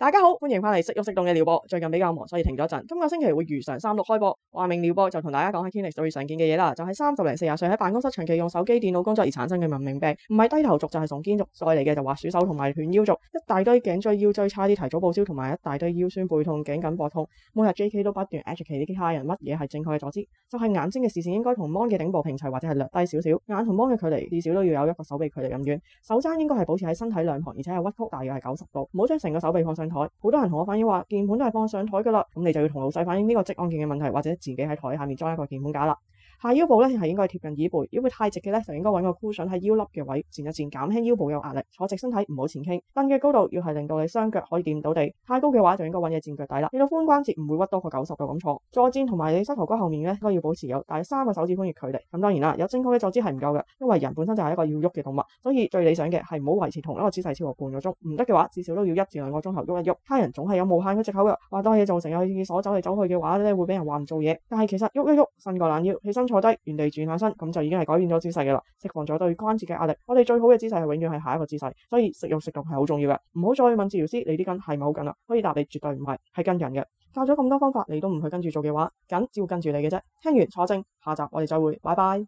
大家好，歡迎翻嚟識郁識動嘅療播。最近比較忙，所以停咗一陣。今個星期會如常三六開播。話明療播就同大家講下今日最常見嘅嘢啦。就係三十零四十歲喺辦公室長期用手機、電腦工作而產生嘅文明病，唔係低頭族就係、是、聳肩族再嚟嘅就滑鼠手同埋犬腰族，一大堆頸椎、腰椎差啲提早報銷，同埋一大堆腰酸背痛、頸緊膊痛。每日 J K 都不斷 educate 其他人乜嘢係正確嘅坐姿，就係、是、眼睛嘅視線應該同 Mon 嘅頂部平齊或者係略低少少，眼同 Mon 嘅距離至少都要有一個手臂距離咁遠，手踭應該係保持喺身體兩旁，而且係屈曲大約係九十度，唔好將成個手臂放上台好多人同我反映話，鍵盤都係放上台嘅啦，咁你就要同老細反映呢個職安健嘅問題，或者自己喺台下面裝一個鍵盤架啦。下腰部呢係應該貼貼緊椅背，因為太直嘅呢，就應該搵個箍 u 喺腰粒嘅位，戰一戰減輕腰部有壓力。坐直身體唔好前傾，凳嘅高度要係令到你雙腳可以掂到地，太高嘅話就應該搵嘢戰腳底啦。你到髖關節唔會屈多過九十度咁坐，坐墊同埋你膝頭哥後面呢，應該要保持有大三個手指寬嘅距離。咁當然啦，有正確嘅坐姿係唔夠嘅，因為人本身就係一個要喐嘅動物，所以最理想嘅係唔好維持同一個姿勢超過半個鐘。唔得嘅話，至少都要動一至兩個鐘頭喐一喐。他人總係有無限嘅藉口嘅，話多你做成啊，鎖走嚟走去嘅話咧會被人話唔做嘢。但係其實喐一喐，伸個懶腰，起身。坐低，原地轉下身，咁就已經係改變咗姿勢嘅啦，釋放咗對關節嘅壓力。我哋最好嘅姿勢係永遠係下一個姿勢，所以食用食用係好重要嘅。唔好再問治療師你啲筋係唔係好緊啦，可以答你絕對唔係，係跟人嘅。教咗咁多方法，你都唔去跟住做嘅話，緊只會跟住你嘅啫。聽完坐正，下集我哋就會拜拜。